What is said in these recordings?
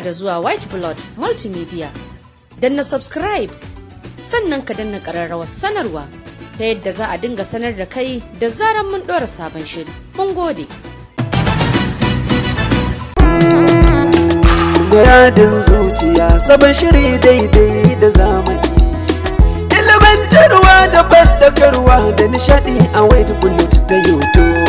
da zuwa white blood multimedia na subscribe sannan ka danna ƙararrawar sanarwa ta yadda za a dinga sanar da kai da zarar mun ɗora sabon shiri mun gode Muradin zuciya sabon shiri daidai da zamani ilimantarwa da bandakarwa da nishadi a whiteblood ta youtube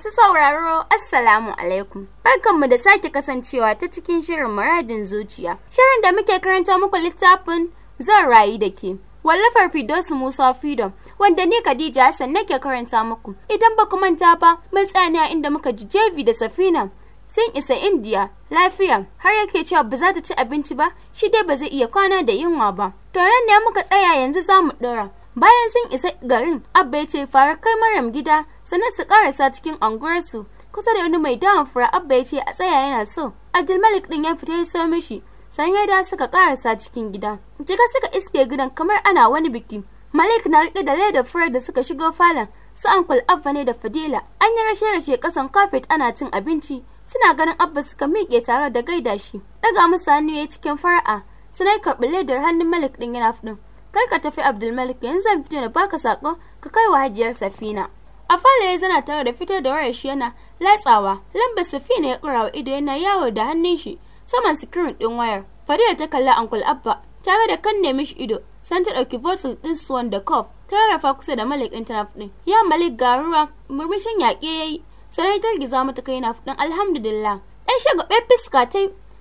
masu sauraro Assalamu alaikum. Barkanmu da sake kasancewa ta cikin shirin muradin zuciya. Shirin da muke karanta muku littafin zan rayu da ke. Wallafar Fidosu Musa Freedom wanda ni Khadija Hassan nake karanta muku. Idan ba ku manta ba mun tsaya inda muka ji Jevi da Safina sun isa Indiya lafiya har yake cewa ba za ta ci abinci ba shi dai ba zai iya kwana da yunwa ba. To nan ne muka tsaya yanzu za mu ɗora. bayan sun isa garin abba ya ce fara kai maryam gida sannan su karasa cikin unguwarsu kusa da wani mai dawon fura abba ya ce a tsaya yana so abdulmalik din ya fita ya so mishi ya da suka karasa cikin gida jika suka iske gidan kamar ana wani biki malik na rike da leda furar da suka shigo falon su ankul abba ne da fadila an yi rashe rashe kasan kafet ana cin abinci suna ganin abba suka miƙe tare da gaida shi daga musu hannu ya cikin fara'a sanai karɓi ledar hannun malik din yana fudin kar ka tafi abdulmalik yanzu zan fito na baka sako ka kai wa hajiyar safina a fara ya zana tare da fito da wayar shi yana latsawa Lamba safina ya kura wa ido yana yawo da hannun shi saman sikirin din wayar fadila ta kalli Uncle abba tare da kan nemi shi ido san ta ɗauki bottle ɗin su wanda kof ta rafa kusa da malik tana ɗin ya malik ga ruwa murmushin yaƙe ya yi sarai ta giza mata kai na fudin alhamdulillah ɗan shagaɓen fuska ta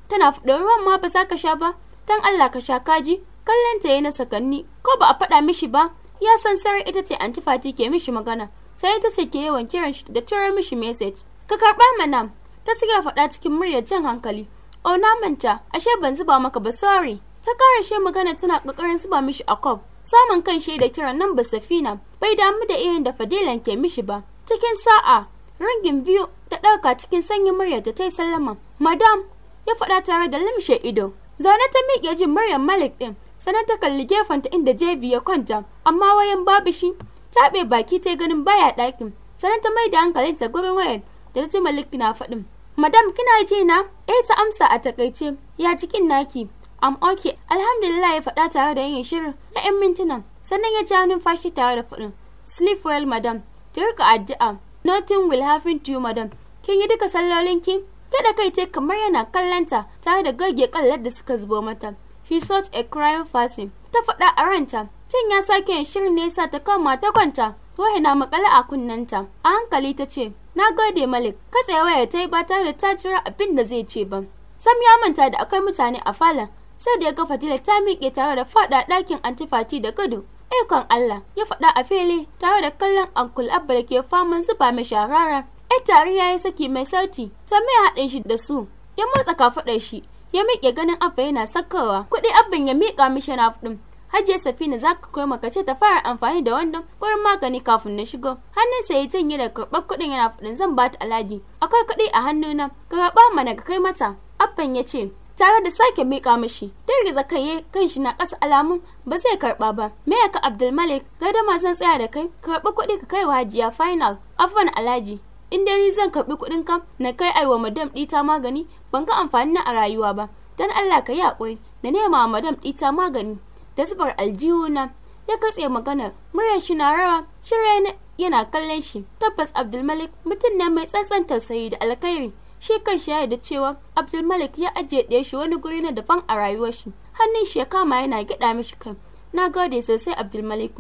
tana fudin ruwan ma ba za ka sha ba dan Allah ka sha kaji kallon ta yi na sakanni ko ba a faɗa mishi ba ya san sarai ita ce antifati ke mishi magana sai ta ce ke yawan kiran shi da turar mishi message ka karɓa mana ta siga faɗa cikin muryar jan hankali o oh, na manta ashe ban zuba maka ba sorry ta karashe magana tana ƙoƙarin zuba mishi a kwaf. samun kan da kiran nan ba safina bai damu da irin da fadilan ke mishi ba cikin sa'a ringin biyu ta ɗauka cikin sanyin muryar ta yi sallama madam ya faɗa tare da limshe ido zaune ta miƙe jin muryar malik ɗin sanar ta kalli ta inda jebi ya kwanta amma wayan babu shi taɓe baki ta ganin baya ɗakin sanar ta mai da hankalin ta gurin wayan da ta ji malik na faɗin madam kina ji na eh ta amsa a takaice ya jikin naki am okay, alhamdulillah ya faɗa tare da yin shirin na 'yan mintuna sannan ya ja fashi tare da faɗin sleep well madam ki rika addu'a nothing will happen to you madam kin yi duka sallolinki kada kai ce kamar yana kallanta tare da gage kallar da suka zubo mata He's such a crying person. Ta faɗa a ranta, can ya sake yin shirin nesa sa ta kama ta kwanta, ko na makale a kunnenta. A hankali ta ce, Na gode Malik, katse waya ta yi ba tare da ta jira abin da zai ce ba. Sam ya manta da akwai mutane a falon, sai da ya ga Fadila ta miƙe tare da faɗa ɗakin antifati da gado. Ikon Allah ya faɗa a fili tare da kallon Uncle Abba da ke faman zuba mai sharara. ‘Yar tari ya yi saki mai sauti, ta mai haɗin shi da su, ya motsa kafaɗar shi ya miƙe ganin abba yana sakawa kuɗi abban ya miƙa mishi na ɗin hajiya safina za ka koma ka ce ta fara amfani da wannan wurin magani kafin na shigo hannun sa ya janye da karɓar kuɗin yana faɗin zan ba ta alhaji akwai kuɗi a hannuna ka karɓa mana ka kai mata abban ya ce tare da sake miƙa mishi dirgiza kai ya kan shi na ƙasa alamun ba zai karɓa ba me ya ka abdulmalik gadama zan tsaya da kai karɓi kuɗi ka kai wa hajiya final afwan alhaji in dai zan karɓi kuɗin kam na kai aiwa madam ɗita magani ban ga amfani na a rayuwa ba dan Allah ka yi haƙuri na nema madam ɗita magani da zubar aljihu na ya katse magana. muryar shi na rawa shirya yana kallon shi tabbas abdulmalik mutum ne mai tsantsan tausayi da alkhairi shi kan shi ya da cewa abdulmalik ya ajiye ɗaya shi wani guri na daban a rayuwar shi hannun shi ya kama yana gida mishi kan na gode sosai abdulmalik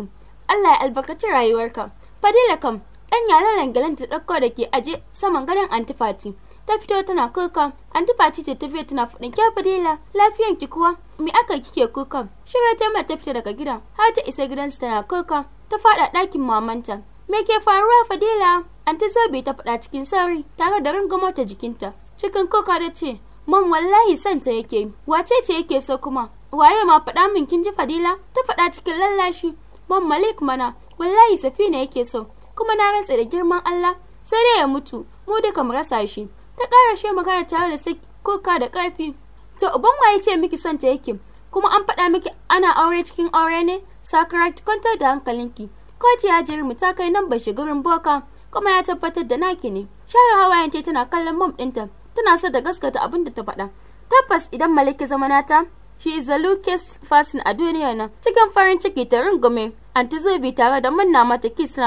allah ya albarkaci rayuwarka fadila kam ɗan yaren gyalen ta ɗauko da ke aje saman gadon antifati ta fito tana kuka antifati ce ta fiye tana faɗin kyau fadila lafiyan ki kuwa me aka kike kuka shirya ta ta fita daga gidan har ta isa su tana kuka ta faɗa ɗakin mamanta me ke faruwa fadila anti zabi ta faɗa cikin sauri tare da rungumo ta jikinta cikin kuka da ce man wallahi son ta yake wace ce yake so kuma waye ma faɗa min kin ji fadila ta faɗa cikin lallashi man malik mana wallahi safina yake so kuma na rantse da girman Allah sai dai ya mutu mu duka mu rasa shi ta ƙara she magana tare da sai kuka da ƙarfi to uban waye ce miki son ta yake kuma an faɗa miki ana aure cikin aure ne sakara ki kwantar da hankalinki koci ya jiri mu ta kai nan ba gurin boka kuma ya tabbatar da naki ne shara hawayen ce tana kallon mom ta. tana so da gaskata abin da ta faɗa tabbas idan malaki zama nata shi is the lucas fasin a duniya na. cikin farin ciki ta rungume anti bi tare da manna mata kiss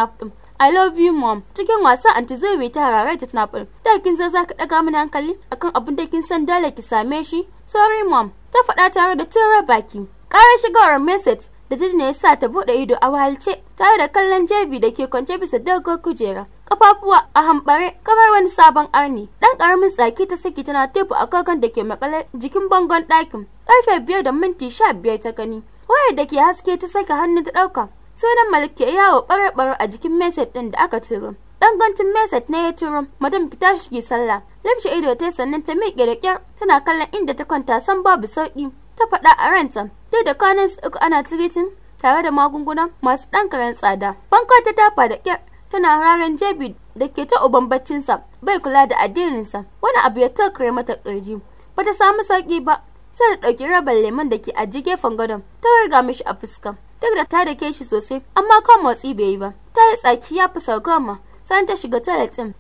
I love you mom. Cikin wasa anti Zoe ta harare ta tana Da kin ka daga mini hankali akan abin da kin san dole ki same shi. Sorry mom. Ta faɗa tare da tura baki. Ƙarar shigar message da ta ne sa ta buɗe ido a walce tare da kallon jebi da ke kwance bisa dogon kujera. Kafafuwa a hambare kamar wani sabon arni. Ɗan karamin tsaki ta saki tana tefu agogon da ke makale jikin bangon ɗakin. Ƙarfe biyar da minti sha biyar ta gani. Wayar da ke haske ta saka hannu ta ɗauka sunan malik ya yawo ɓarar a jikin meset ɗin da aka turo dan gantin meset ne ya turo madam ki tashi ki sallah lamshi ido ta sannan ta miƙe da ƙyar tana kallon inda ta kwanta san babu sauƙi ta faɗa a ranta duk da kwanan uku ana tiritin tare da magunguna masu ɗan karen tsada banka ta tafa da ƙyar tana raran jebi da ke ta uban baccinsa bai kula da addininsa wani abu ya takare mata ƙirji bata samu sauƙi ba sai da ɗauki rabar lemon da ke ajiye gefen gadon ta warga mishi a fuska duk da ta dake shi sosai amma kan motsi bai yi ba ta yi tsaki ya fusa goma sannan ta shiga toilet din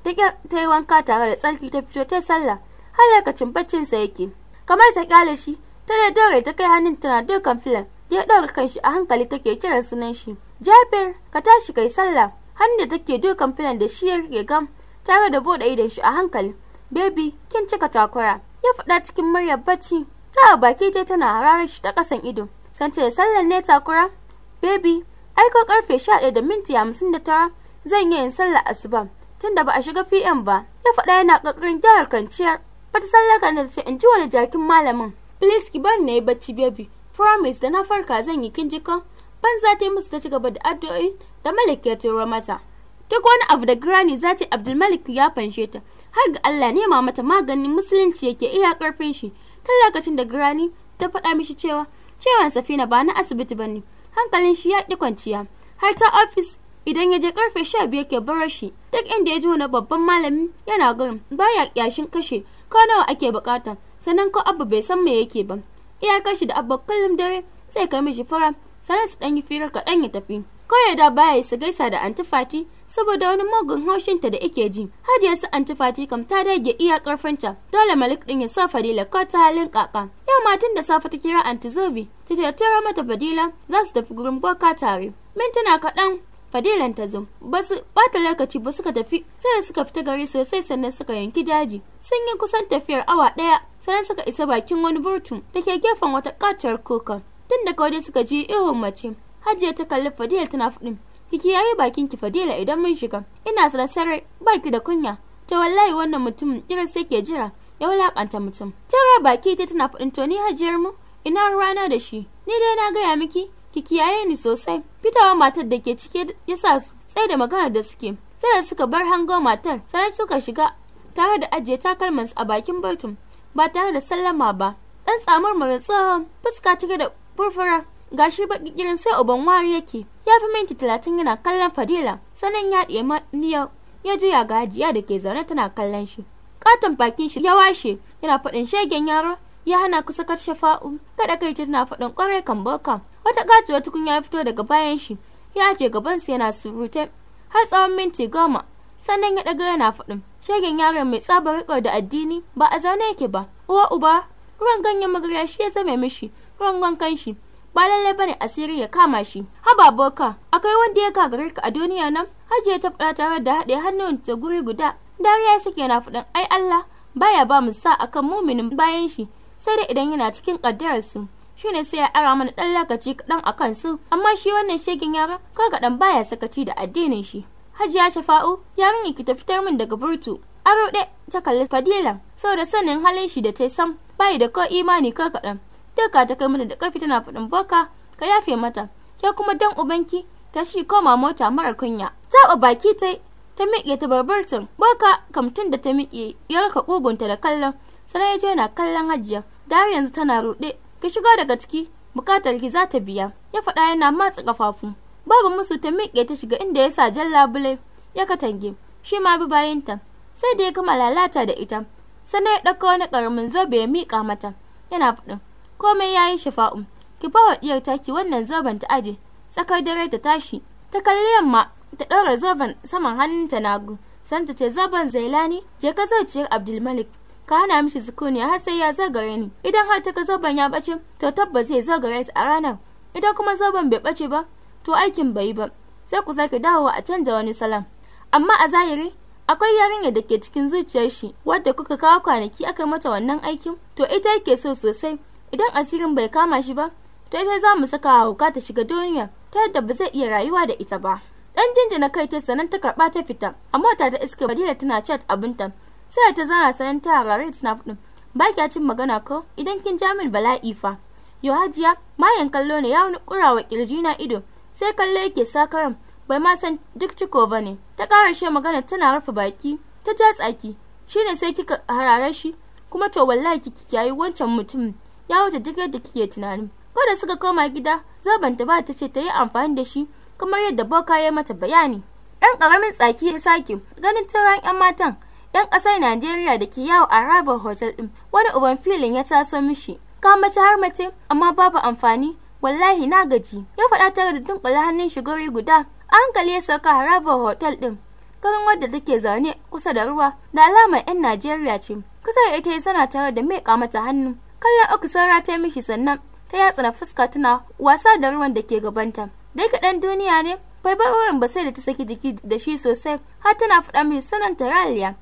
ta yi wanka tare da tsarki ta fito ta sallah har lokacin baccin sa yake kamar ta kyale shi ta da dore ta kai hannun tana dukan filan ya ɗaura kanshi a hankali take kiran sunan shi jafir ka tashi kai sallah hannun da take dukan filan da shi ya rike gam tare da bude idon shi a hankali baby kin cika takura ya faɗa cikin muryar bacci ta baki ta tana hararar shi ta kasan ido sance sallan ne takura Baby, aiko karfe 11 da minti 59 zan yi yin sallah asuba tunda ba a shiga PM ba. Ya faɗa yana ƙoƙarin gyara kwanciyar. Bata sallaka da ce in ji wani jakin malamin. Please ki bari na yi bacci baby. Promise da na farka zan yi kin jika. Ban za ta yi musu ta ci gaba da addu'o'i da Malik ya turo mata. Duk wani abu da Granny za ta Abdulmalik ya fanshe ta. Har ga Allah nema mata maganin musulunci yake iya karfin shi. Tun lokacin da Granny ta faɗa mishi cewa ciwon Safina ba na asibiti bane. hankalin shi ya ƙi kwanciya har ta ofis idan ya je karfe sha biyar ke bara shi duk inda ya ji wani babban malami yana gurin baya yashin kashe ko nawa ake bukata sannan ko abu bai san me yake ba iya kashi da abu kullum dare sai ka mishi fara sannan su dan yi firar kaɗan ya tafi ko ya da baya su gaisa da antifati saboda wani mugun haushinta da yake ji har ya sa antifati kam ta dage iya karfinta dole malik din ya sa fadila ko ta halin kaka yau matan da safe ta kira anti zobi ta ce tara mata fadila za su tafi gurin boka tare mintuna kaɗan fadilan ta zo basu bata lokaci ba suka tafi sai suka fita gari sosai sannan suka yanki daji sun yi kusan tafiyar awa ɗaya sannan suka isa bakin wani burtu da ke gefen wata kacar koka tun da kawai suka ji ihun mace hajiya ta kalli fadila tana fadin ki kiyaye bakin ki fadila idan mun shiga ina tsare sarai baki da kunya ta wallahi wannan mutumin irin sai ke jira ya wulakanta mutum tara baki ta tana faɗin to ni hajiyar mu ina rana da shi ni dai na gaya miki ki kiyaye ni sosai fitawa matar da ke cike ya sa su tsaye da magana da suke sai da suka bar hango matar sai suka shiga tare da ajiye su a bakin baitum ba tare da sallama ba dan tsamar mara tsohon fuska cike da furfura gashi baki kirin sai uban wari yake ya fi minti talatin yana kallon fadila sannan ya ɗiye maniya ya juya ga hajiya da ke zaune tana kallon shi katon bakin shi ya washe yana faɗin shegen yaro ya hana kusa karshe fa'u kada kai tana faɗin kwarai kan boka wata gajiya tukunya ya fito daga bayan shi ya je gaban gabansa yana surute har tsawon minti goma sannan ya ɗaga yana faɗin shegen yaron mai tsabar riƙo da addini ba a zaune yake ba uwa uba ruwan ganyen magarya shi ya zame mishi ruwan wankan shi ba lallai bane asiri ya kama shi haba boka akwai wanda ya gagare ka a duniya nan hajiya ta faɗa tare da haɗe hannun ta guri guda dariya sake yana faɗin ai Allah baya ba mu sa akan muminin bayan shi sai dai idan yana cikin ƙaddararsu shine sai ya ara mana ɗan lokaci kaɗan akan su. amma shi wannan shegin ko ga ɗan baya sakaci da addinin shi hajiya shafa'u yarin ki ta fitar min daga burtu aro ɗe ta kalli fadila saboda sanin halin shi da ta sam bayi da ko imani ko kaɗan daga ta kai mata da ƙarfi tana faɗin boka ka yafe mata ke kuma dan ubanki ta shi koma mota mara kunya taɓa baki ta ta miƙe ta barbartin boka kamtin da ta miƙe ya rika ƙugunta da kallon sana ya je yana kallon hajiya da yanzu tana ruɗe ki shiga daga ciki buƙatar ki za ta biya ya faɗa yana matsa ƙafafu babu musu ta miƙe ta shiga inda ya sa jan labule ya katange shi ma bi bayanta sai da ya kama lalata da ita sannan ya ɗauka wani ƙaramin zobe ya miƙa mata yana faɗin komai ya yi shafa'u ki bawa diyar taki wannan zoben ta aje tsakar dare ta tashi ta kalli yamma ta ɗaura zoben saman hannunta nagu san ta ce zoben zailani je ka ciyar abdulmalik ka hana mishi sukuni har sai ya zagare ni idan har ta ga zoben ya bace to tabbas zai zagare ta a ranar idan kuma zoben bai bace ba to aikin bai yi ba sai ku sake dawowa a canza wani salam amma a zahiri akwai yarinya da ke cikin zuciyar shi wadda kuka kawo kwanaki aka mata wannan aikin to ita yake so sosai idan asirin bai kama shi ba to ita za mu saka hauka ta shiga duniya ta yadda ba zai iya rayuwa da ita ba dan na kai ta sanan ta karba ta fita a mota ta iska madina tana chat abinta sai ta zana sanan ta harare tana fudin ba kya cin magana ko idan kin ja min bala'i fa yo hajiya mayan kallo ne ya wani kurawa kirji na ido sai kallo yake sakaran bai ma san duk ciko ba ne ta karashe magana tana rufe baki ta ja tsaki shine sai kika harare shi kuma to wallahi kiki yayi wancan mutum ya wuce duk yadda kike tunani ko da suka koma gida ta ba ta ce ta yi amfani da shi kamar yadda boka ya mata bayani ɗan ƙaramin tsaki ya sake ganin tauran 'yan matan 'yan ƙasar najeriya da ke yawo a rabar hotel ɗin wani uban filin ya taso mishi ka mace har mace amma babu amfani wallahi na gaji ya faɗa tare da dunkula hannun shigori guda a hankali ya sauka a harabar hotel ɗin garin wadda take zaune kusa da ruwa da alama 'yan najeriya ce kusa da ita ya zana tare da mai mata hannu kallon saura ta mishi sannan ta na fuska tana wasa da ruwan da ke gabanta dai kaɗan duniya ne bai bar wurin ba sai da ta saki jiki da shi sosai har tana faɗa mai sunan ta raliya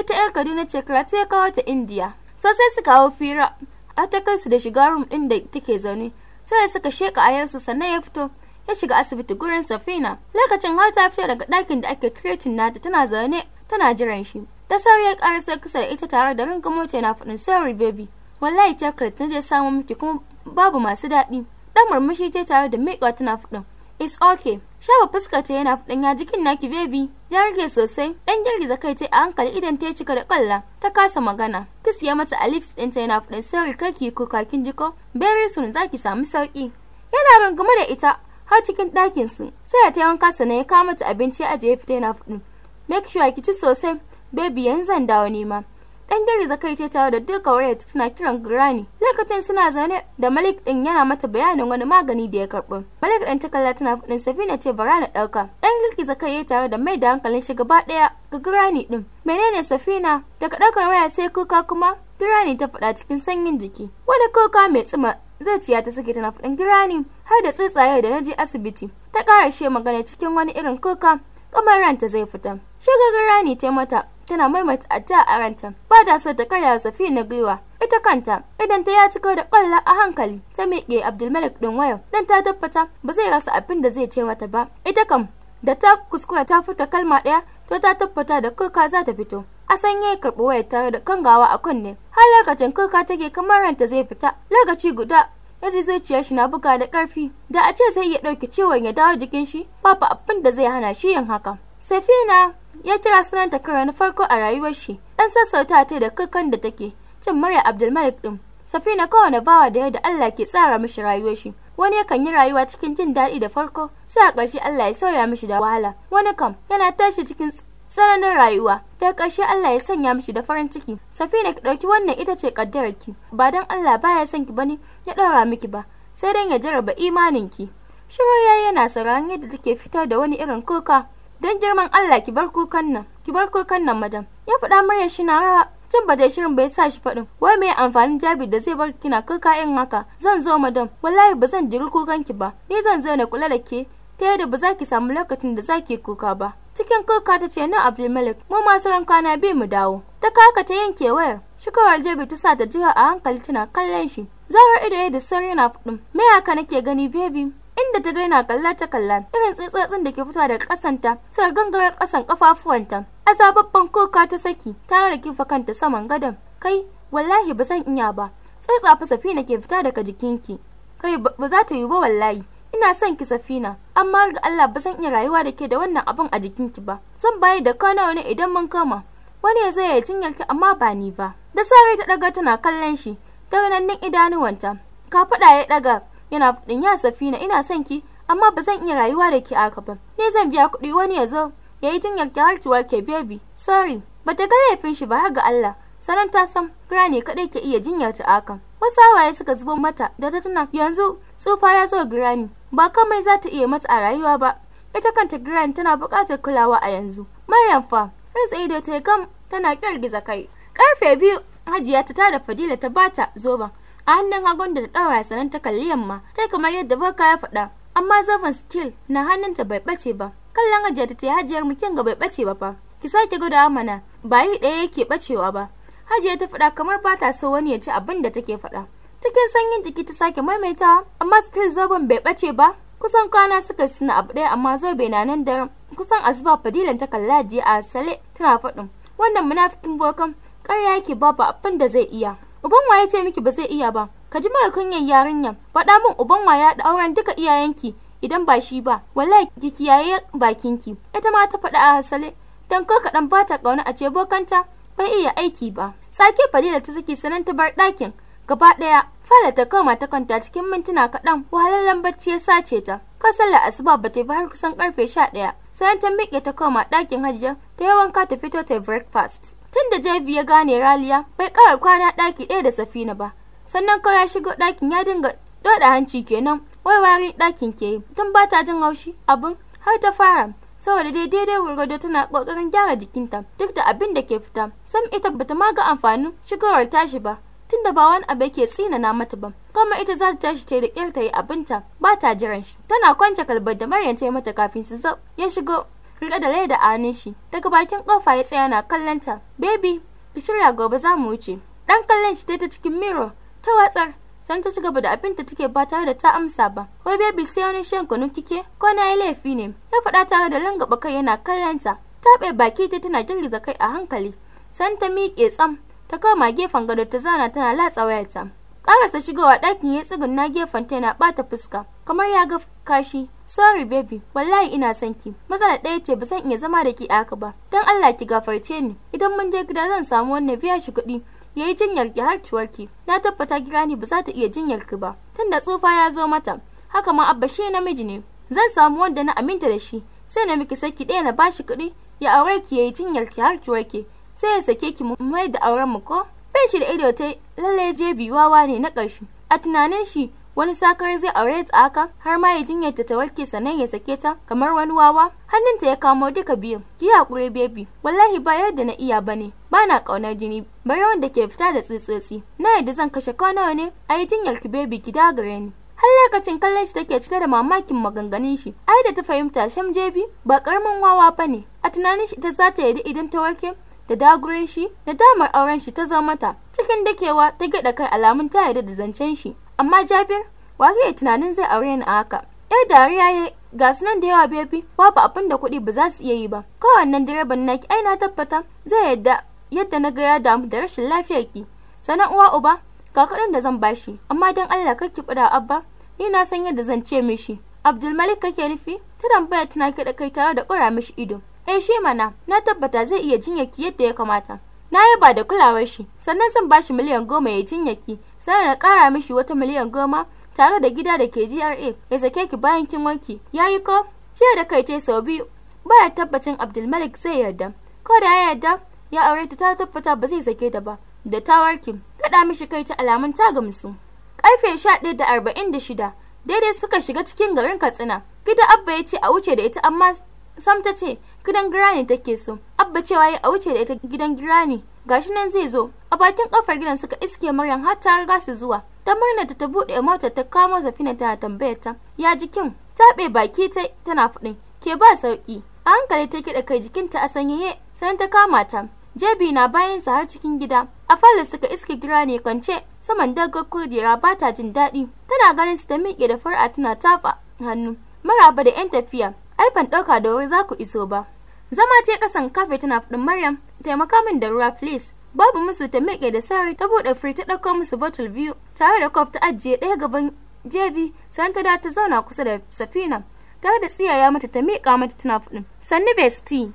ita yar kaduna ce karatu ya kawo ta indiya sosai suka hau fira atakarsu ta kai su da shiga rum ɗin da take zaune sai suka sheka a yarsu, sannan ya fito ya shiga asibiti gurin safina lokacin har ta fito daga ɗakin da ake tretin nata tana zaune tana jiran shi da sauri ya ƙarasa kusa da ita tare da rungamo na faɗin sorry baby wallahi chocolate na je samu miki kuma babu masu daɗi dan murmushi ce tare da miƙa tana faɗin it's okay shafa fuskar ta yana faɗin ya jikin naki baby ya rage sosai dan girgiza kai ta a hankali idan ta cika da kwalla ta kasa magana kis ya mata a lips ɗinta yana faɗin ki kaki ko kakin jiko very za zaki samu sauki yana rungume da ita har cikin dakin su sai ya ta wanka ne ya kawo mata abinci ya ajiye fita yana faɗin make sure ki ci sosai baby yanzu zan dawo nema Dan gari zakai ce tare da duka wayarta tana kiran Granny. Lokacin suna zaune da Malik din yana mata bayanin wani magani da ya karɓi Malik din ta kalla tana faɗin Safina ce bara na ɗauka. Dan girki zakai ya tare da mai da hankalin shi gaba ɗaya ga Granny din. Menene Safina? Daga ɗaukar waya sai kuka kuma? Granny ta fada cikin sanyin jiki. Wani kuka mai tsima zuciya ta sake tana faɗin Granny har da tsuntsaye da na ji asibiti. Ta ƙara shi magana cikin wani irin kuka kamar ranta zai fita. Shagagar Rani ta mata tana maimaita addu'a a ranta ba da so ta karya zafi na gwiwa ita kanta idan ta ya cika da kwalla a hankali ta miƙe abdulmalik ɗin waya. dan ta tabbata ba zai rasa abin da zai ce mata ba ita kam da ta kuskura ta furta kalma ɗaya to ta tabbata da kuka za ta fito a sanya ya karɓi wayar tare da kangawa a kunne har lokacin kuka take kamar ranta zai fita lokaci guda yadda zuciyar shi na buga da ƙarfi da a ce zai iya ɗauki ciwon ya dawo jikin shi babu abin da zai hana shi yin haka safina ya kira ta kara na farko a rayuwar shi dan sassauta ta da kakan da take cin murya abdulmalik din safina kowane bawa da yadda allah ke tsara mishi rayuwar shi wani yakan yi rayuwa cikin jin daɗi da farko sai a ƙarshe allah ya sauya mishi da wahala wani kam yana tashi cikin tsananin rayuwa da ƙarshe Allah ya sanya mishi da farin ciki safina ki ɗauki wannan ita ce ki ba dan Allah baya son ki bane ya ɗaura miki ba sai dan ya jarraba imanin ki shiru yayi yana sauraron yadda take fitar da wani irin kuka don girman Allah ki bar kukan nan ki bar kukan nan madam ya faɗa murya shi na rawa tun ba dai shirin bai sa shi faɗin wai me amfanin jabi da zai bar kina kuka in haka zan zo madam wallahi ba zan jiri kukan ki ba ni zan zo na kula da ke ta yadda ba za ki samu lokacin da za ki kuka ba cikin kuka ta ce na abdulmalik mu masu sauran kwana biyu mu dawo ta kaka ta yanke wayar shikawar jabi ta sa ta jiha a hankali tana kallon shi zarar ido yadda sauri na faɗin me haka nake gani baby inda ta daina kalla ta kalla irin tsutsotsin da ke fitowa daga kasanta suka gangara kasan kafafuwanta sababban koka ta saki ta fa kanta saman gadon kai wallahi ba zan iya ba tsutsa fa safina ke fita daga jikinki kai ba za ta yi ba wallahi ina son ki safina amma ga Allah ba zan iya rayuwa da ke da wannan abun a jikinki ba zan bayar da kana wani idan mun kama wani ya zai ya ki amma ba ni ba da sare ta daga tana kallon shi ta idanuwanta ka faɗa ya daga yana faɗin ya safina ina son ki amma ba zan iya rayuwa da ki aka ba ne zan biya kuɗi wani ya zo ya yi jinyar ki har ke bebi baby sorry ta ga laifin shi ba har ga Allah sanan ta san kira ne kaɗai ke iya jinyar ta aka wasu hawaye suka zubo mata da ta tuna yanzu tsufa ya zo girani ba kamai za ta iya mata a rayuwa ba ita kanta girani tana buƙatar kulawa a yanzu maryam fa har tsaye da ta gam tana kirgiza kai karfe biyu hajiya ta tada fadila ta bata zoba a hannun hagun da ta ɗaura sanan ta kalli yamma ta kamar yadda boka ya faɗa amma zafin steel na hannun ta bai ɓace ba kallon hajiya ta ce hajiyar mu ga bai ɓace ba fa ki sake gudu mana ba yi ɗaya yake ɓacewa ba hajiya ta faɗa kamar ba ta so wani ya ci abin da take faɗa cikin sanyin jiki ta sake maimaitawa amma steel zoben bai ɓace ba kusan kwana suka suna abu ɗaya amma zobe na nan da kusan asuba fadilan ta kalla jiya a sale tana faɗin wannan munafikin bokan ƙarya yake babu abin da zai iya uban waye ce miki ba zai iya ba ka ji mai kunyan yarinyar faɗa min uban waya da auren duka iyayenki idan ba shi ba wallahi ki kiyaye bakinki ita ma ta faɗa a hasale dan ko ka dan bata kauna a ce bokanta bai iya aiki ba sake falila ta saki sanan ta bar ɗakin gaba ɗaya Fala ta kama ta kwanta cikin mintuna kaɗan wahalallen bacci ya sace ta Ka sallar asuba ba ta yi ba har kusan karfe sha ɗaya sanan ta miƙe ta koma ɗakin hajiya ta yi wanka ta fito ta breakfast Tun da Jabi ya gane Raliya bai karar kwana daki ɗaya da Safina ba. Sannan kawai ya shigo dakin ya dinga doda hanci kenan wai wari dakin ke yi tun ba ta jin haushi abin har ta fara saboda dai daidai gwargwado tana kokarin gyara jikinta duk da abin da ke fita sam ita bata ma ga amfanin shigowar tashi ba tunda ba wani abu yake tsinana mata ba kuma ita za ta tashi ta yi da ƙyar ta yi abinta ba ta jiran shi tana kwance kalbar da Maryam ta yi mata kafin su zo ya shigo kadale da shi daga bakin kofa ya tsaya na kallon ta baby ki shirya gobe za mu wuce dan kallon shi ta cikin miro ta watsar san ta gaba da abin ta take ba tare da ta amsa ba Ko baby sai wani shan kunu kike ko na yi laifi ne ya faɗa tare da langaba kai yana kallon ta ɓe baki ta tana girgiza kai a hankali san ta miƙe tsam ta kama gefen gado ta zana tana latsa wayarta ƙarasa shigowa ɗakin ya tsugunna gefen ta yana bata fuska kamar ya ga kashi sorry baby wallahi ina son ki matsala ɗaya ce ba zan iya zama da ki haka ba don Allah ki gafarce ni idan mun je gida zan samu wannan biya shi kuɗi ya yi jinyar ki har ki. na tabbata girani ba za ta iya jinyar ki ba tunda tsufa ya zo mata haka ma abba shi namiji ne zan samu wanda na aminta da shi sai na miki saki ɗaya na bashi kuɗi ya aure ki ya yi jinyar ki har ki. sai ya sake ki mai da auren mu ko bai shi da ido ta lalle je biwawa ne na ƙarshe a tunanin shi wani sakar zai aure ta haka har ma ya jinyarta ta warke sanan ya sake ta kamar wani wawa hannunta ya kamo duka biyu. ki hakuri baby wallahi ba yadda na iya bane ba na kaunar jini bari wanda ke fita da tsitsitsi na yadda zan kashe nawa ne a yi jinyar ki bebi ki dagare ni har lokacin kallon shi take cike da mamakin maganganun shi ai da ta fahimta sham jebi ba karamin wawa bane a tunanin shi ita za ta yadda idan ta warke da dagurin shi da damar auren shi ta zo mata cikin dakewa ta gyaɗa kai alamun ta yarda da zancen shi amma jabir wa iya tunanin zai aure ni a haka yar dariya ya ga nan da yawa bebi babu abin da kuɗi ba za su iya yi ba kowannen direban naki ai na tabbata zai yadda yadda na ga ya damu da rashin lafiyar ki sanan uwa uba ga kuɗin da zan bashi amma don allah kar ki kuɗa abba ni na san yadda zan ce mishi abdulmalik kake nufi ta tambaya tana kiɗa kai tare da ƙura mishi ido eh shi mana na tabbata zai iya jinyar ki yadda ya kamata na yaba da kulawar shi sannan zan bashi miliyan goma ya jinyaki sannan na kara mishi wata miliyan goma tare da gida da ke gra ya sake ki bayan kin wanki ya yi ko jiya da kai ce sau biyu baya tabbacin abdulmalik zai yarda ko da ya yarda ya aure ta ta tabbata ba zai sake da ba da ta warke kaɗa mishi kai ta alamun ta musu. karfe sha ɗaya da arba'in da shida daidai suka shiga cikin garin katsina gida abba ya ce a wuce da ita amma sam ta ce gidan girani take so abba cewa ya a wuce da ita gidan girani gashi nan zai zo a bakin kafar gidan suka iske maryam har ta riga su zuwa ta murna ta buɗe mota ta kamo safina ta tambaya ta ya jikin taɓe baki ta tana faɗin ke ba sauki a hankali ta kiɗa kai jikinta a sanyaye sannan ta kama ta jebi na bayan sa har cikin gida a fara suka iske girani ne kwance saman dagar kujera ba ta jin daɗi tana ganin su ta miƙe da far'a tana tafa hannu maraba da 'yan tafiya ai ban ɗauka da wuri za ku iso ba zama ta kasan kafe tana fudin, maryam taimaka min da ruwa please babu musu ta miƙe da sari ta buɗe firi ta ɗauko musu bottle biyu tare da kof ta ajiye ɗaya gaban jebi sannan ta da ta zauna kusa da safina tare da tsiyaya mata ta miƙa mata tana fudin. sannu besti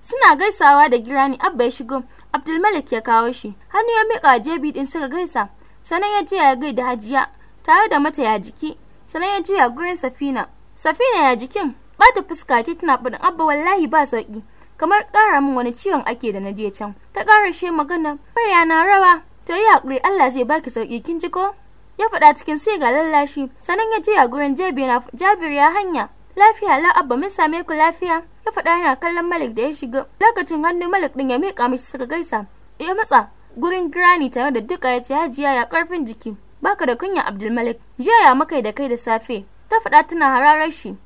suna gaisawa da girani abba ya shigo abdulmalik ya kawo shi hannu ya miƙa jebi ɗin suka gaisa sannan ya je ya gaida hajiya tare da mata ya jiki sannan ya je ya gurin safina safina ya jikin bata fuska ce tana faɗin abba wallahi ba sauki kamar ƙara min wani ciwon ake da na je can ta ƙara she magana Farya na rawa to yi haƙuri Allah zai baki sauki kin ji ko ya faɗa cikin sai ga lallashi sanan ya je a gurin Jabir ya hanya lafiya la abba mun same ku lafiya ya faɗa yana kallon Malik da ya shiga lokacin hannu Malik din ya miƙa mishi suka gaisa ya matsa gurin girani tare da duka ya ce hajiya ya karfin jiki baka da kunya Abdulmalik jiya ya makai da kai da safe ta faɗa tana hararar shi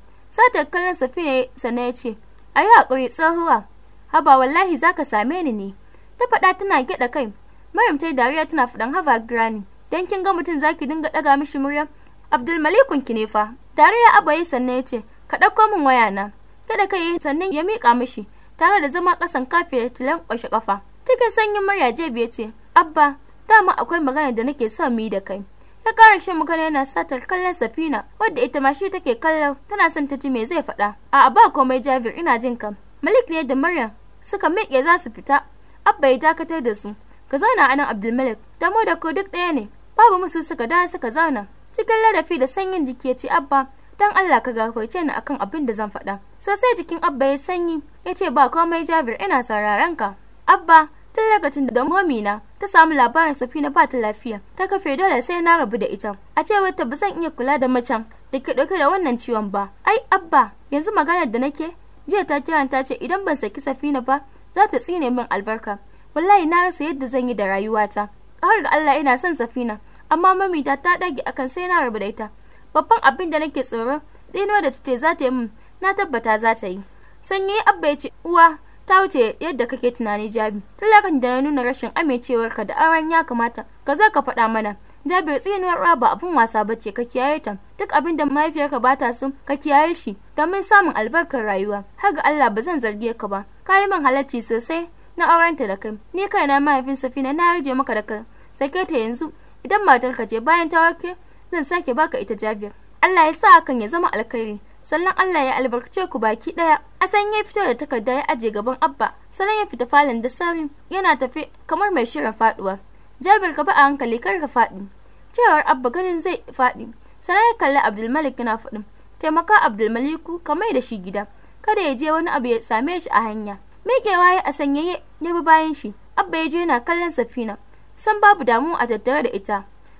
ta kallon Safiya sana ya ce, A yi haƙuri tsohuwa, haba wallahi za ka same ni ne. Ta faɗa tana gyaɗa kai, Maryam ta yi dariya tana faɗan haba grani don kin ga mutum za ki dinga ɗaga mishi murya. Abdulmalikun ki ne fa, dariya yi sannan ya ce, Ka ɗauko min waya na. Kada ka yi sannan ya miƙa mishi, tare da zama ƙasan kafiyar tilan ƙwashe ƙafa. Cikin sanyin murya Jebi ya ce, Abba, dama akwai magana da nake son mu da kai. ta kara shan magana yana sa ta kallon safina wadda ita ma shi take kallon tana son ta ji me zai faɗa a ba komai jabir ina jin ka malik ne da maryam suka miƙe za su fita abba ya dakatar da su ka zauna a nan abdulmalik mu da ko duk ɗaya ne babu musu suka da suka zauna cikin ladafi da sanyin jiki ya ce abba don Allah ka gafarce ni akan abin da zan faɗa sosai jikin abba ya sanyi ya ce ba komai jabir ina sauraron ka abba tun lokacin da momina ta samu labarin safina ba ta lafiya ta kafe dole sai na rabu da ita a cewar ta ba iya kula da macen da ke dauke da wannan ciwon ba ai abba yanzu maganar da nake jiya ta kiran ta ce idan ban saki safina ba za ta tsine min albarka wallahi na rasa yadda zan yi da rayuwata har ga Allah ina son safina amma mamita ta dage akan sai na rabu da ita babban abin da nake tsoro tsinuwa da ta za ta yi min na tabbata za ta yi sanyi abba ya ce uwa ta wuce yadda kake tunani jabi talakan da na nuna rashin amincewarka da auren ya kamata ka za ka faɗa mana jabir tsinuwar uwa ba abin wasa ba ce ka kiyaye ta duk abin da mahaifiyarka ba ta son ka kiyaye shi domin samun albarkar rayuwa har ga Allah ba zan zarge ka ba ka yi min halacci sosai na aurenta da kai ni kai na mahaifin safina na yarje maka da kai, sake ta yanzu idan matar ka je bayan ta warke zan sake baka ita jabir Allah ya sa hakan ya zama alkhairi sannan Allah ya albarkace ku baki daya san ya fito da takarda ya aje gaban abba sannan ya fita falon da sari yana tafi kamar mai shirin faduwa jabir ka a hankali kar ka fadi cewar abba ganin zai fadi sannan ya kalli abdulmalik yana faɗin taimaka abdulmaliku ka mai da shi gida kada ya je wani abu ya same shi a hanya miƙewa ya a sanyaye ya bi bayan shi abba ya je yana kallon safina san babu damuwa a tattare da ita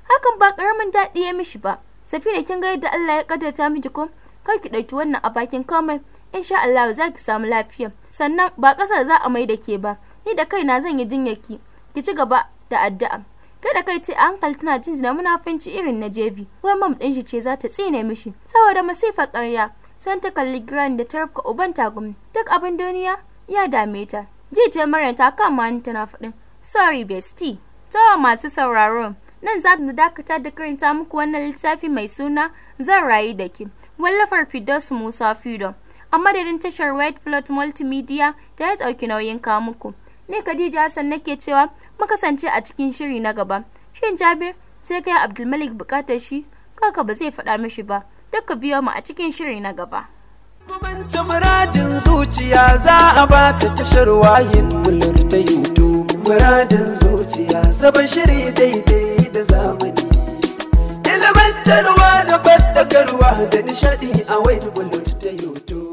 hakan ba karamin daɗi ya mishi ba safina kin ga yadda Allah ya kaddata miki ko kar ki ɗauki wannan a bakin komai insha Allah za ki samu lafiya sannan ba ƙasar za a mai da ke ba ni da kaina zan yi jinyar ki ci gaba da addu'a Kai da kai ce a hankali tana jin da munafunci irin na jebi wai mam ɗin shi ce za ta tsine mishi saboda masifar ƙarya san ta kalli giran da ta rufka uban tagumi duk abin duniya ya dame ta ji ta mara ta ma ni tana faɗin sorry bestie tawa masu sauraro nan za mu dakata da karanta muku wannan littafi mai suna zan rayu da ki wallafar Fidos Musa Fido. A madadin tashar White Plot Multimedia ta ya ɗauki nauyin kamuku ne Ni Khadija Hassan nake cewa mu a cikin shiri na gaba. Shin Jabir sai kai Abdulmalik bukatar shi kaka ba zai faɗa mishi ba. Duka biyo mu a cikin shiri na gaba. Kubanci muradin zuciya za a ba ta tashar wayin mular Muradin zuciya sabon shiri daidai da zamani. na da fadakarwa da nishadi a wayar da ta YouTube.